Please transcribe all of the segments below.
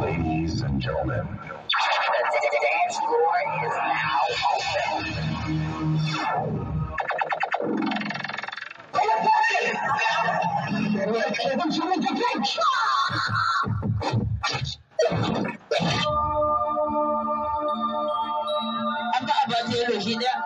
Ladies and gentlemen, the dance floor is now open. We're able to interdict.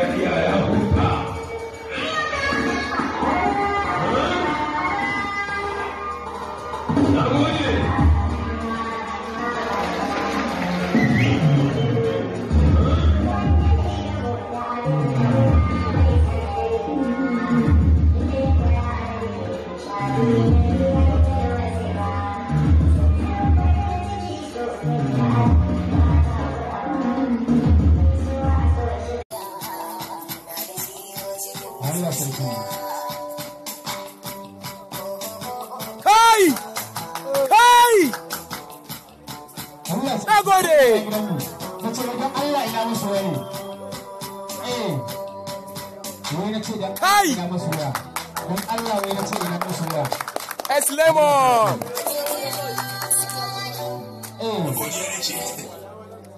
りがとうございます。Kai! Kai! Na gode! Kai! Es lemon!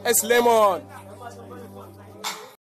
Es lemon!